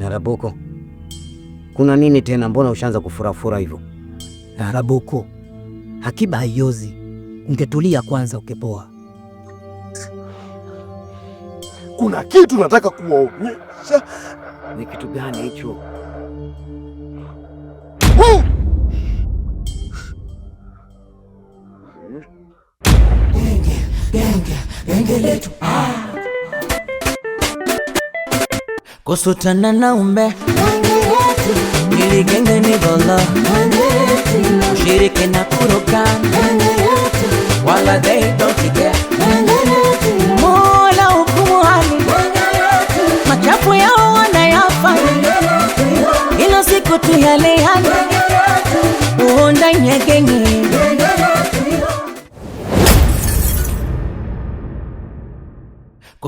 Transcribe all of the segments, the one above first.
Narabuku, kuna nini tena? Mbona ushaanza kufurafura hivyo? Narabuku, hakiba haiozi. Ungetulia kwanza, ukepoa. Kuna kitu nataka kuwaonyesha. Ni kitu gani hicho? Usutana na umbe niligenge ni bolo shirike na kuruka wala they don't care Mola hukumu machafu yao wanayafanya ila siku tu yale yale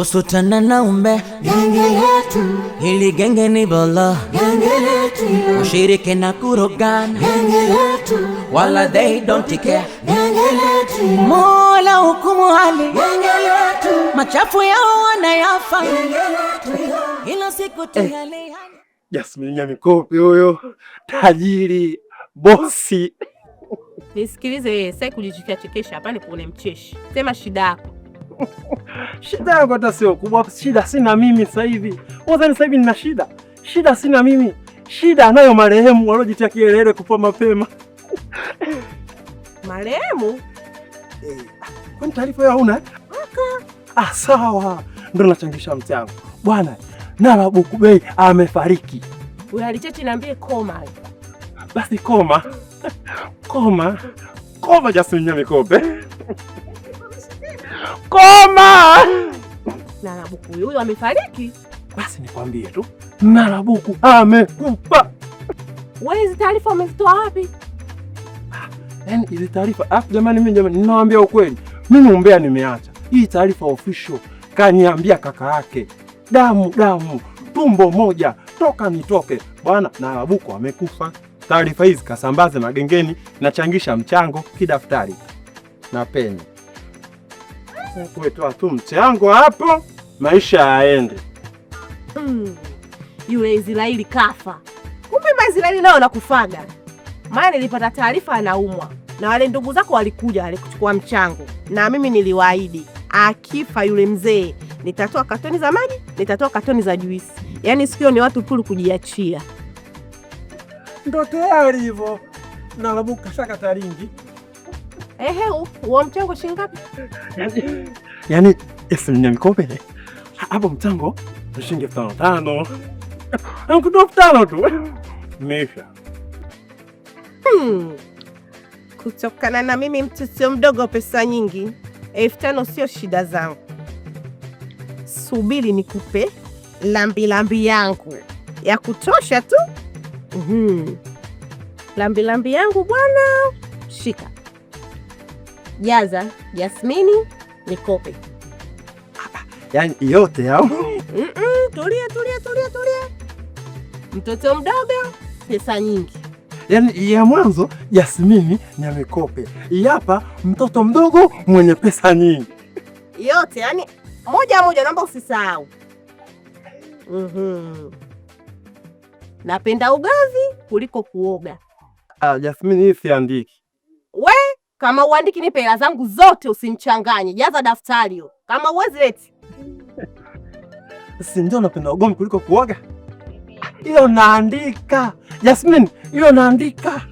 kusutana na umbe genge letu, hili genge ni bolo genge letu, ushirike na kurogana genge letu, wala they don't care genge letu, Mola hukumu hali genge letu, machafu yao wanayafa genge letu, hilo siku tihali eh. Jasmine Nyamikope huyo tajiri bosi. Nisikilize, sasa kujichekesha hapa ni kuone mcheshi, sema shida yako. shida yangu hata sio kubwa, shida sina mimi sasa hivi. Wazani sasa hivi nina shida, shida sina mimi, shida anayo marehemu waliojitia kielele kufa mapema marehemu eh, kwani taarifa hiyo hauna? Ah, sawa, ndo nachangisha mchango bwana. Nala Buku Bey amefariki. Wewe alicheti niambie koma. Basi koma koma koma, Jasmine nyamikope koma. Narabuku huyo amefariki. Basi nikwambie tu Narabuku amekufa. Wewe hizi taarifa umezitoa wapi? Ah, yaani hizi taarifa afu, ah, jamani, mimi jamani, ninawaambia ukweli, mimi umbea nimeacha. Hii taarifa official kaniambia kaka yake, damu damu, tumbo moja, toka nitoke bwana, Narabuku amekufa. Taarifa hizi kasambaze magengeni, nachangisha mchango kidaftari na peni umetoa tu mchango hapo, maisha yaende. Mm, yule Israeli kafa, kumbe Maisraeli nayo nakufaga. Maana nilipata taarifa anaumwa, na wale ndugu zako walikuja walikuchukua mchango, na mimi niliwaahidi akifa yule mzee nitatoa katoni za maji, nitatoa katoni za juisi. Yaani sikio ni watu pulu kujiachia, ndo tayari hivyo. Nalabuka shaka taringi Ehe, wa mchango shingapi? Yaani, yaani elfu nne mikopo ile. Hapo mchango ni shilingi elfu tano tano. Ankutoa elfu tano tu. Meisha. Hmm. Kutokana na mimi mtu sio mdogo pesa nyingi, elfu tano sio shida zangu. Subiri nikupe lambilambi yangu ya kutosha tu. Mm-hmm. Lambilambi yangu bwana, shika jaza Jasmini Nikope. Yaani yote au? Mm -mm, tulia tulia tulia tulia, mtoto mdogo, pesa nyingi. Yaani ya mwanzo Jasmini ni Mikope, hapa mtoto mdogo mwenye pesa nyingi, yote yani moja moja, naomba usisahau. mm Napenda ugavi kuliko kuoga. Ah, Jasmini hii siandiki kama uandiki nipe hela zangu zote, usinichanganye. Jaza daftari hiyo, kama uwezi leti. Si ndio napenda ugomvi kuliko kuoga? Hiyo naandika Jasmine, hiyo naandika.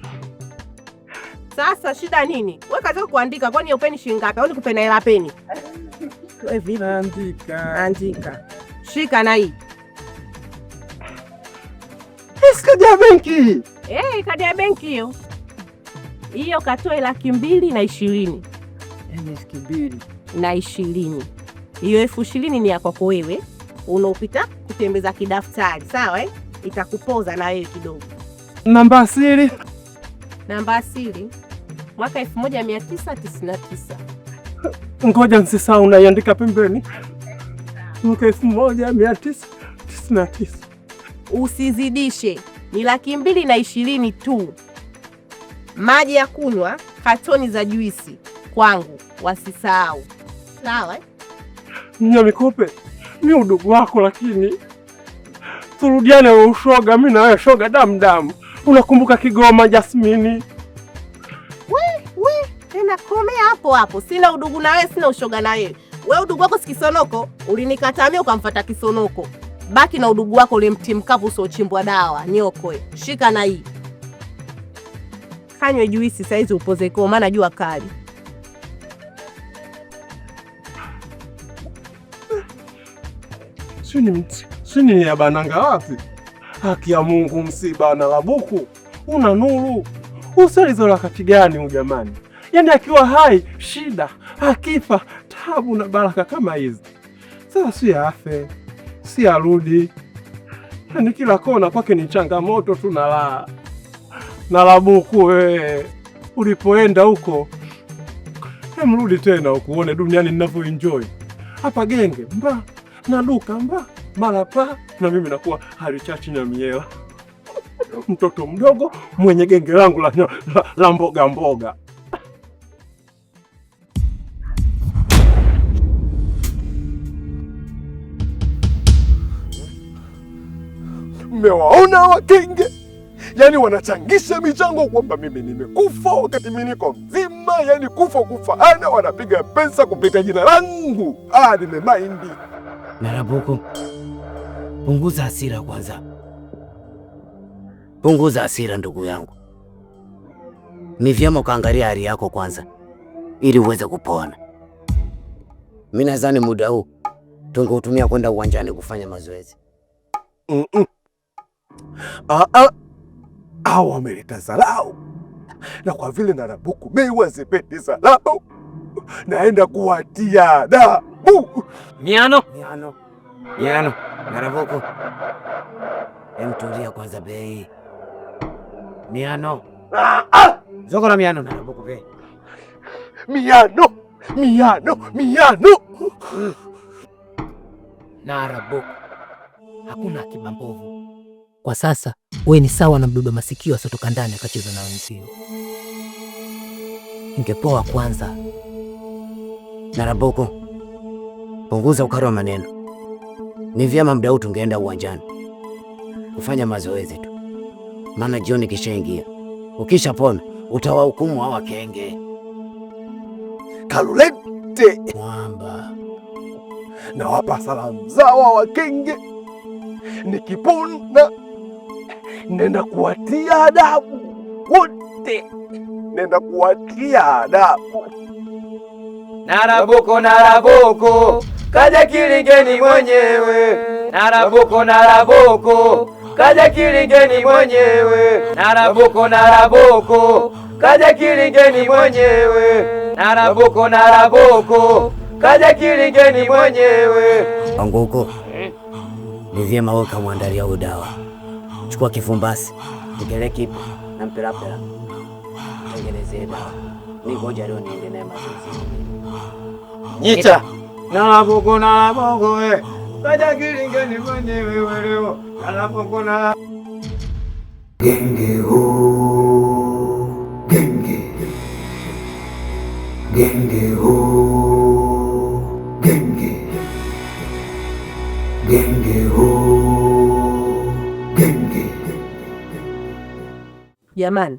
Sasa shida nini? Wewe kazi kuandika, kwani upeni shilingi ngapi? Au nikupe na hela peni? Wewe vile andika. Shika na hii. Eska ya benki. Eh, hey, kadi ya benki hiyo hiyo katoe laki mbili na ishirini eh, laki mbili na ishirini hiyo elfu ishirini ni ya kwako wewe, unaopita kutembeza kidaftari sawa, eh? Itakupoza na wewe kidogo. Namba asili, namba asili mwaka 1999 ngoja nsisau, unaiandika pembeni, mwaka 1999. Usizidishe, ni laki mbili na ishirini tu maji ya kunywa, katoni za juisi kwangu wasisahau. Sawa Nya Mikope, mi udugu wako, lakini turudiane ushoga, mi na wewe shoga damu damu. Unakumbuka Kigoma Jasmini? We, we, ninakomea hapo hapo, sina udugu na wewe, sina ushoga na wewe. We udugu wako sikisonoko, ulinikatamia ukamfata kisonoko. Baki na udugu wako ule mti mkavu usiochimbwa dawa. Niokoe, shika na hii ifanywe juisi saizi upozekeo, maana jua kali. Sini ya bananga wapi? Haki ya Mungu, na labuku, una nuru usalizo la kati gani jamani Yaani akiwa hai shida, akifa tabu na baraka kama hizi. Sasa si afe si arudi, yaani kila kona kwake ni changamoto tu na laa na Labuku wewe ulipoenda huko, mrudi tena ukuone uone duniani enjoy hapa genge mba na duka mba mara pa na mimi nakuwa halichachi na miela mtoto mdogo mwenye genge langu la, la, la mboga mboga. Mmewaona wa yani wanachangisha michango kwamba mimi nimekufa wakati mimi niko mzima, yani kufa kufa ana wanapiga pesa kupita jina langu. Ah, nimemaindi. Narabuku, punguza hasira kwanza, punguza hasira ndugu yangu. Ni vyema ukaangalia hali yako kwanza ili uweze kupona. Mimi nadhani muda huu tungeutumia kwenda uwanjani kufanya mazoezi. mm -mm. Ah, ah au ameleta zarau, na kwa vile Narabuku meiwa zipeti zarau, naenda kuwatia dabu miano miano miano. Narabuku emtulia kwanza bei miano ah, ah. zoko na miano Narabuku bei. miano miano miano Narabuku hakuna kibambovu kwa sasa we ni sawa na mdudu masikio asiotoka ndani akacheza na wenzio. Ingepoa kwanza. narabuku punguza ukali wa maneno. Ni vyema muda huu tungeenda uwanjani kufanya mazoezi tu, maana jioni kishaingia. pona utawahukumu hawa kenge. Kalulete mwamba, nawapa salamu zao hawa kenge nikipona Nenda kuwatia adabu wote, nenda kuwatia adabu. Naraboko, Naraboko kaja kilingeni mwenyewe, Naraboko, Naraboko kaja kilingeni mwenyewe, Naraboko, Naraboko kaja kilingeni mwenyewe, Naraboko, Naraboko kaja kilingeni mwenyewe. Anguko, ni vyema wewe kamwandalia Chukua kifumbasi, tekeleki ipo na mpelapela, tengenezee dawa. Ni ngoja leo niende naye mazoezi. Nyita nalabuku nalabuku we kaja kilingeni mwenye wewe leo nalabuku na genge o genge genge o genge genge ho Jamani,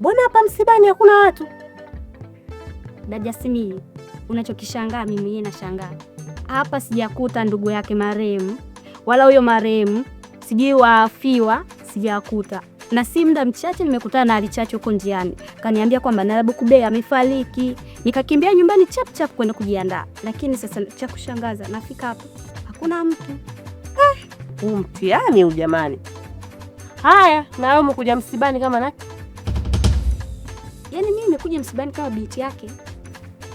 mbona hapa msibani hakuna watu? Dajasmii, unachokishangaa mimi yeye nashangaa hapa. Sijakuta ndugu yake marehemu wala huyo marehemu sijui wafiwa sijakuta na si muda mchache nimekutana na Alichache huko njiani, kaniambia kwamba Narabuku Bey amefariki. Nikakimbia nyumbani chap chap kwenda kujiandaa, lakini sasa cha kushangaza, nafika hapo hakuna mtu. Eh, huu mtihani huu jamani! Haya, na wewe umekuja msibani kama nani? Yaani mimi nimekuja msibani kama binti yake.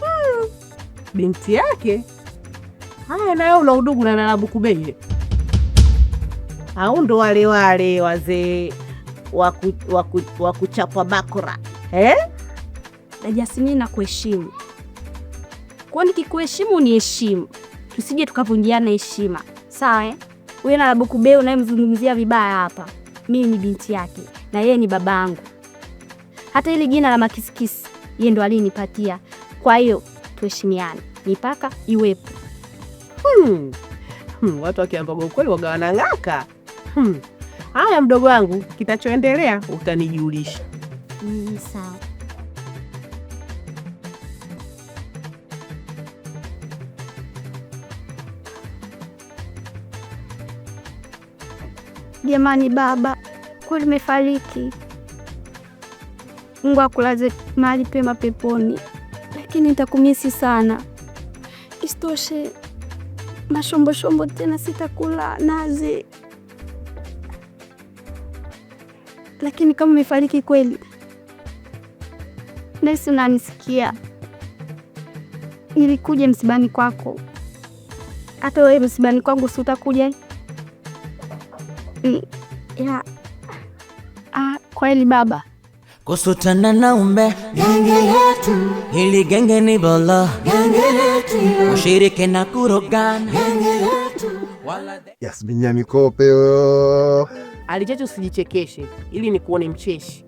Hmm. Binti yake? Haya, na wewe una udugu na Narabuku kubeye au ndo wale wale wazee waku, waku, wakuchapwa bakora eh? Na Jasmine, nakuheshimu kwa, nikikuheshimu niheshimu, tusije tukavunjiana heshima, sawa eh? Wewe Narabuku kubeye unayemzungumzia vibaya hapa mimi ni binti yake na yeye ni baba yangu. Hata ile jina la Makisikisi yeye ndo alinipatia, kwa hiyo tuheshimiane, mipaka iwepo. hmm. Hmm, watu wakiambaga ukweli waga wanang'aka. hmm. Haya, mdogo wangu, kitachoendelea utanijulisha. mm, sawa. Jamani baba, kweli umefariki. Mungu akulaze mahali pema peponi, lakini nitakumisi sana. Isitoshe mashomboshombo tena sitakula nazi. Lakini kama umefariki kweli, nasi unanisikia, nilikuja msibani kwako, hata wewe msibani kwangu si utakuja? ya ah, kweli baba kusutana na umbe genge letu, hili genge ni bolo genge letu, ushirike na kurogana genge letu. Yasmin mikope yo oh. usijichekeshe ili nikuone mcheshi.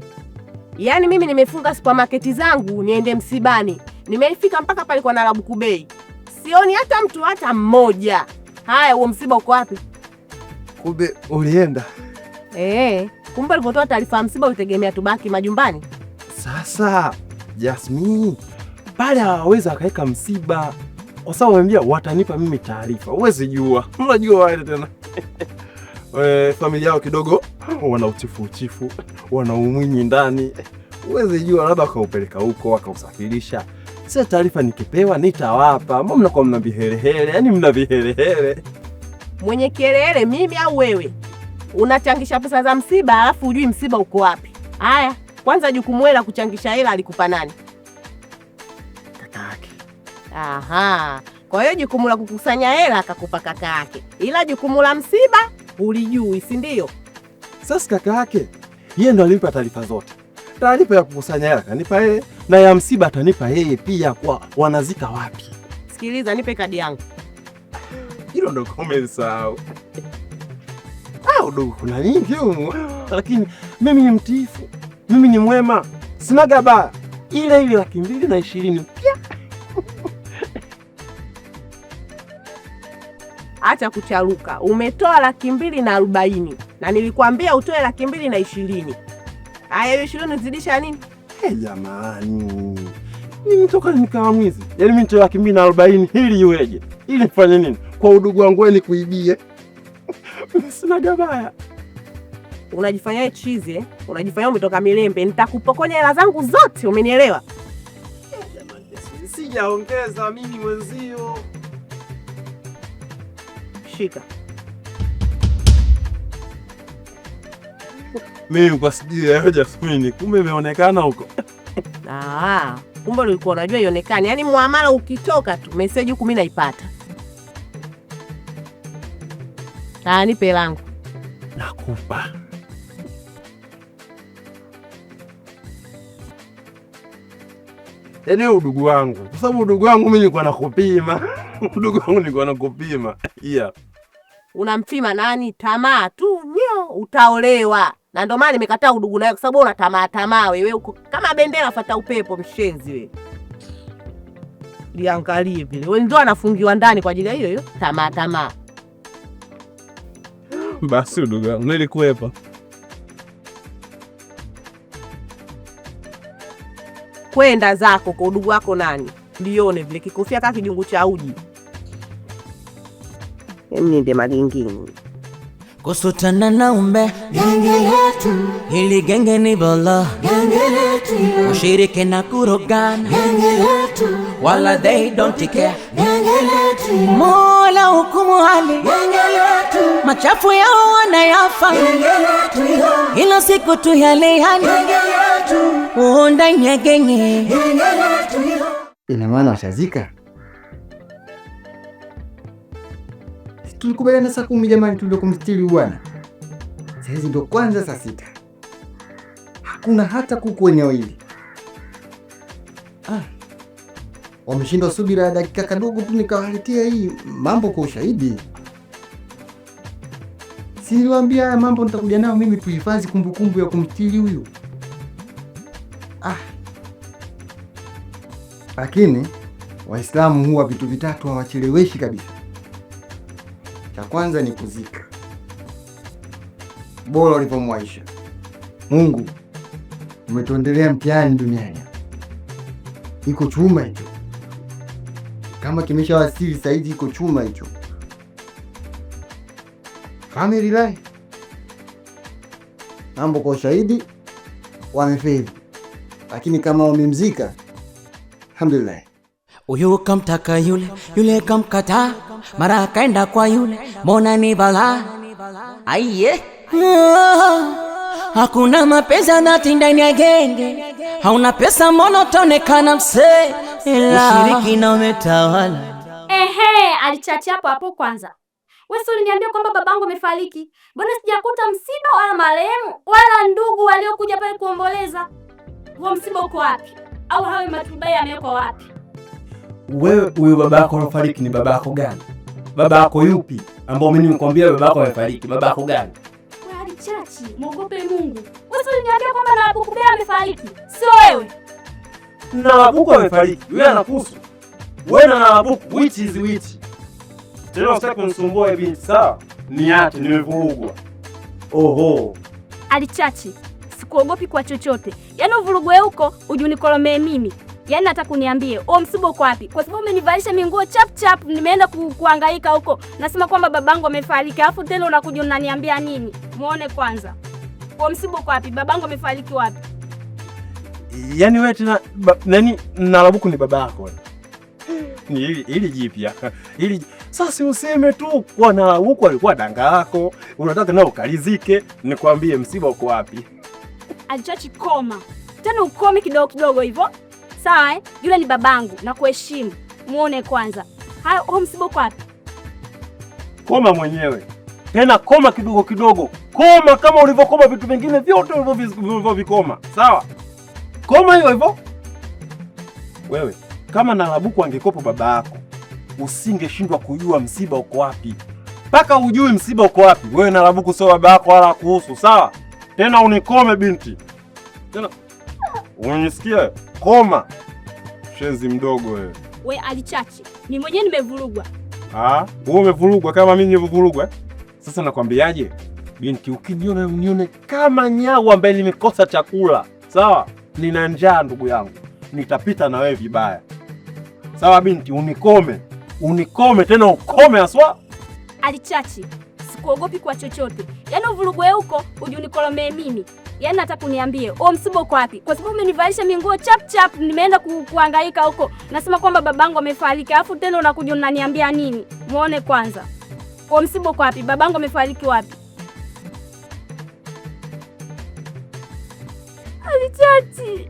Yaani mimi nimefunga supermarket zangu niende msibani, nimefika mpaka pale kwa Narabuku Bei, sioni hata mtu hata mmoja. Haya, huo msiba uko wapi? Eh, kumbe ulienda e? Kumbe ulipotoa taarifa ya msiba ulitegemea tubaki majumbani? Sasa Jasmini, pale hawawezi akaweka msiba kwa sababu wamwambia watanipa mimi taarifa. Huwezi jua, unajua wale tena eh, familia yao kidogo wana uchifu uchifu, wana umwinyi ndani, huwezi jua, labda wakaupeleka huko wakausafirisha. Sasa taarifa nikipewa nitawapa. Mbona mnakuwa mna vihelehele? Yaani mna vihelehele mwenye kelele, mimi au wewe? Unachangisha pesa za msiba alafu hujui msiba uko wapi? Haya, kwanza jukumu la kuchangisha hela alikupa nani? Kaka yake. Aha, kwa hiyo jukumu la kukusanya hela akakupa kaka yake, ila jukumu la msiba ulijui, si ndio? Sasa kaka yake yeye ndo alinipa taarifa zote. Taarifa ya kukusanya hela kanipa yeye, na ya msiba atanipa yeye pia, kwa wanazika wapi. Sikiliza, nipe kadi yangu. Hilo ndo kumesahau. Ah, udogo kuna nyingi humu, lakini mimi ni mtiifu, mimi ni mwema, sina gaba ile ile laki mbili na ishirini pia. Acha kucharuka, umetoa laki mbili na arobaini na nilikwambia utoe laki mbili na ishirini Aya, hiyo ishirini zidisha nini? Hey, eh, jamani, nimetoka nikawa mwizi? Yaani mimi nitoe laki mbili na arobaini ili iweje? Ili nifanye nini? kwa udugu wangu wewe nikuibie. Sina gabaya. Unajifanya chizi eh? Unajifanya umetoka Milembe, nitakupokonya hela zangu zote, umenielewa? Sijaongeza mimi mwenzio. Shika. Mimi kwa sijui hoja fumini, kumbe imeonekana huko. Ah, kumbe ulikuwa unajua ionekane. Yaani muamala ukitoka tu meseji huku mimi naipata. Haya, nipe langu. Nakupa yaani udugu wangu, kwa sababu udugu wangu mimi nilikuwa nakupima. udugu wangu nilikuwa nakupima yeah. Unampima nani? Tamaa tu nyo utaolewa, na ndio maana nimekataa udugu nawe, kwa sababu una tamaa tamaa. Wewe uko kama bendera fata upepo, mshenzi wewe. Liangalie vile wewe ndio anafungiwa ndani kwa ajili ya hiyo hiyo tamaa tamaa. Basi ndugu yangu nilikwepa. Kwenda zako kwa udugu wako nani, ndione vile kikufia kama kijungu cha uji mninde magingini kusutana na umbe genge letu, hili genge ni bolo genge letu, ushirike na kurogana genge letu, wala they don't care genge letu Mola hukumu hali machafu yao wanayafa, ila siku tu yale yale uonda nyegenge. Ina maana washazika? Tulikubaliana saa kumi jamani, tulio kumstiri bwana. Saizi ndo kwanza saa sita, hakuna hata kuku wenye wili wameshindwa subira ya dakika kadogo tu, nikawaletea hii mambo kwa ushahidi. Siliwaambia haya mambo nitakuja nayo mimi, kuhifadhi kumbukumbu ya kumtili huyu. Ah, lakini Waislamu huwa vitu vitatu hawacheleweshi kabisa. Cha kwanza ni kuzika, bora ulivyomwaisha Mungu. Umetuendelea mtihani duniani, iko chuma hicho kama kimeshawasili sahizi, iko chuma hicho. Kamerilai mambo kwa ushahidi wamefeli, lakini kama wamemzika, alhamdulillah. Huyu kamtaka yule, yule kamkata mara kaenda kwa yule, mbona ni bala Aiye, ah, hakuna mapesa natinda ya genge, hauna pesa mbona utaonekana msee ushiriki na umetawala. Ehe, alichatia hapo hapo. Kwanza wewe uliniambia kwamba babangu amefariki, mbona sijakuta msiba wala marehemu wala ndugu waliokuja pale kuomboleza? Huo msiba uko wapi? Au hawe matubai yamewekwa wapi? Wewe baba babako alofariki ni babako gani? Babako yupi ambao mimi nimekwambia babako amefariki? Babako gani? Alichachi, muogope Mungu. Wewe uliniambia kwamba na kukubea amefariki, sio wewe? Narabuku amefariki, yule anakufa. Wewe na Narabuku, which is which? Tena usitaki kunisumbua binti, sawa? Niache, nimevurugwa. Oho. Alichachi, sikuogopi kwa chochote. Yaani uvurugwe huko ujunikolomee mimi. Yaani nataka kuniambie o msiba uko wapi?" Kwa sababu umenivalisha minguo chap chap, nimeenda ku, kuangaika huko. Nasema kwamba babangu amefariki. Alafu tena unakuja unaniambia nini? Muone kwanza. "Oh, msiba uko wapi? Babangu amefariki wapi?" yani wewe tena nani Narabuku ni baba yako ni ili ili jipya ili sasa, useme tu kwa Narabuku alikuwa danga yako, unataka nao ukalizike. Nikwambie msiba uko wapi? Achachi koma tena, ukome kidogo kidogo hivyo sawa eh? Yule ni babangu na kuheshimu, muone kwanza. hayo. huo msiba uko wapi? Koma mwenyewe tena, koma kidogo kidogo, koma kama ulivyokoma vitu vingine vyote ulivyovikoma, sawa Koma hiyo hivyo, wewe kama Narabuku angekopo baba yako usingeshindwa kujua msiba uko wapi. Mpaka ujui msiba uko wapi, wewe Narabuku sio baba yako wala kuhusu, sawa? Tena unikome binti, tena unisikia? Koma shenzi mdogo wewe. We alichache ni mwenyewe nimevurugwa. Ah, wewe umevurugwa kama mimi nimevurugwa Sasa nakwambiaje binti, ukiniona unione kama nyau ambaye nimekosa chakula, sawa? nina njaa ndugu yangu, nitapita na wewe vibaya. Sawa binti, unikome, unikome tena, ukome aswa. Alichachi, sikuogopi kwa chochote, yaani uvurugwe huko ujunikolomee mimi. Yaani nataka kuniambie huo msiba uko wapi? Kwa sababu umenivalisha minguo chap chap, nimeenda ku, kuangaika huko, nasema kwamba babangu amefariki, alafu tena unakuja unaniambia nini? Muone kwanza huo msiba uko wapi? Babangu amefariki wapi? Chachi,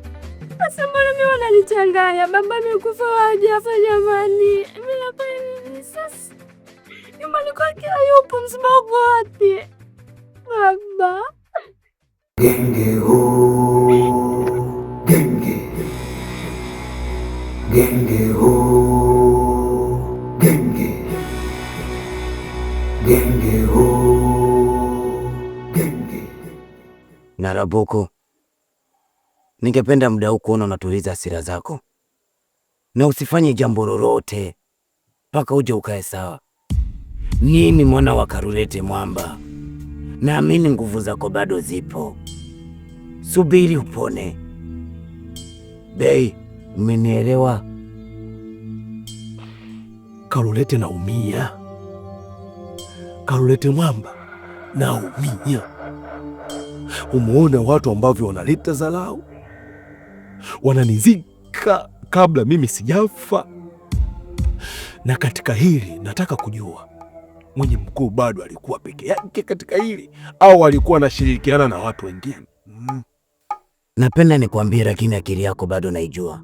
hasa mbona mimi wananichanganya? Baba amekufa wajafa, jamani, mimi nafanya nini sasa? Nyumbani kwake hayupo, msiba wako wapi baba? Genge ho, genge, genge ho, genge, genge ho, genge. Naraboko Ningependa muda huu kuona unatuliza hasira zako na usifanye jambo lolote mpaka uje ukae sawa. Mimi mwana wa Karulete Mwamba, naamini nguvu zako bado zipo, subiri upone. Bei, umenielewa? Karulete naumia, Karulete Mwamba naumia. Umeona watu ambavyo wanaleta dharau wananizika kabla mimi sijafa. Na katika hili nataka kujua mwenye mkuu bado alikuwa peke yake katika hili au alikuwa anashirikiana na watu wengine? Mm. Napenda nikwambie, lakini akili yako bado naijua,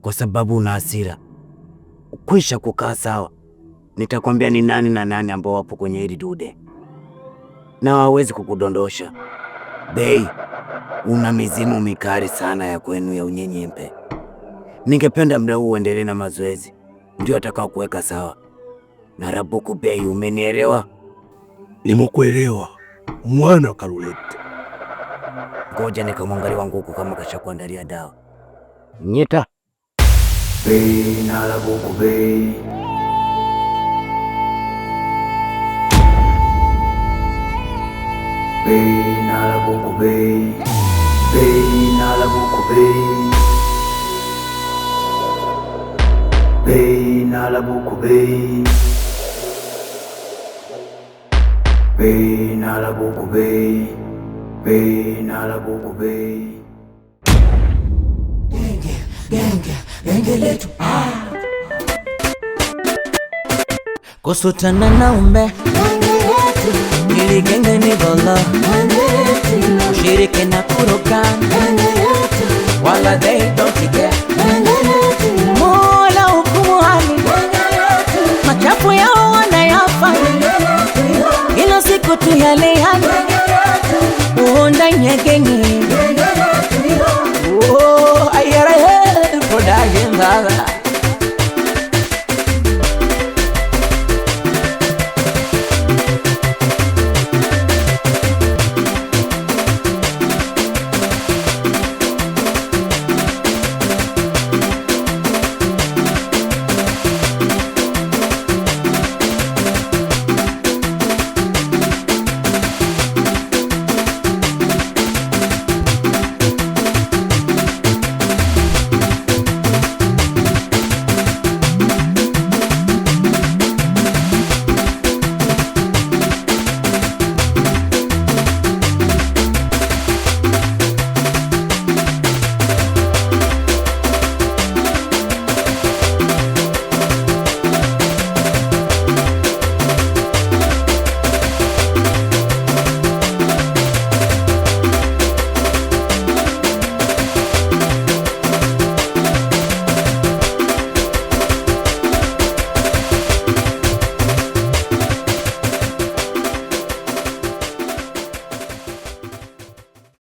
kwa sababu una hasira. Kwisha kukaa sawa, nitakwambia ni nani na nani ambao wapo kwenye hili dude, na hawawezi kukudondosha. Bei, una mizimu mikali sana ya kwenu ya unyenyembe. Ningependa muda huu uendelee na mazoezi, ndio atakao kuweka sawa. Narabuku Bei, umenielewa? Nimekuelewa mwana Kalulete. Ngoja nikamwangalia wangu huko kama kashakuandalia dawa. Nyeta Bei, Narabuku Bei. Buku Bay Bay na la Buku Bay Bay na la Buku Bay Bay na Genge, genge, genge letu ah. Kusutana na ume niligenge midola ushirike na kuruka wala they don't care Mola hukumu machafu yao wanayafanya kila siku tuyale yale